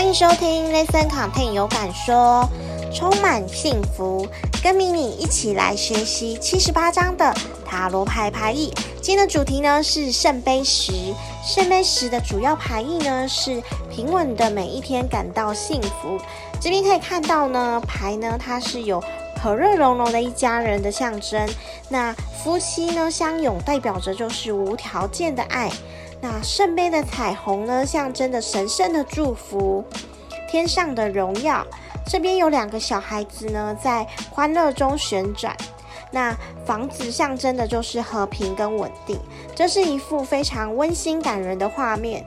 歡迎收聽《Listen Content 有感說、哦》，充滿幸福，跟迷你一起來學習七十八張的塔羅牌牌意。今天的主題呢是聖杯十，聖杯十的主要牌意呢是平穩的每一天感到幸福。這邊可以看到呢，牌呢它是有。和樂融融的一家人的象徵。那夫妻呢相擁，代表着就是無條件的愛。那聖杯的彩虹呢，象徵着神聖的祝福，天上的榮耀。這邊有兩個小孩子呢，在歡樂中旋轉。那房子象徵的就是和平跟穩定。這是一幅非常溫馨感人的畫面，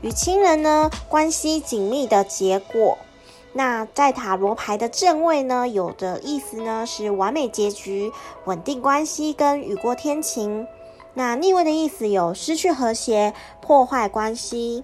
與親人呢關係緊密的結果。那在塔羅牌的正位呢，有的意思呢是完美結局、穩定關係跟雨過天晴；那逆位的意思有失去和諧、破壞關係。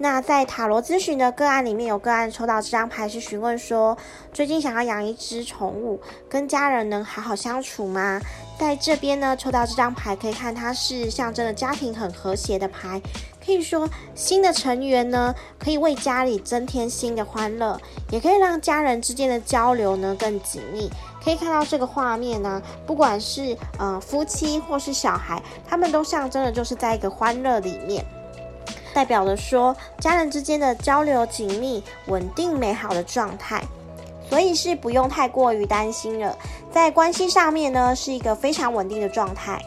那在塔羅諮詢的個案裡面，有個案抽到這張牌是詢問說，最近想要養一隻寵物，跟家人能好好相處嗎？在這邊呢，抽到這張牌可以看它是象徵了家庭很和諧的牌，可以說新的成員呢，可以為家裡增添新的歡樂，也可以讓家人之間的交流呢更緊密。可以看到這個畫面呢，不管是呃夫妻或是小孩，他們都象徵的，就是在一個歡樂裡面。代表的說，家人之間的交流緊密、穩定、美好的狀態，所以是不用太過於擔心了。在關係上面呢，是一個非常穩定的狀態。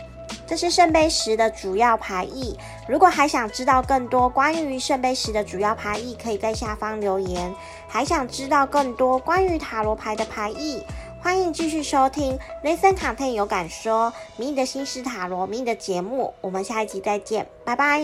這是聖杯十的主要牌意。如果還想知道更多關於聖杯十的主要牌意，可以在下方留言。還想知道更多關於塔羅牌的牌意，歡迎繼續收聽 ListenContent 有感說《迷你的心事塔羅》迷你的節目。我們下一集再見，拜拜。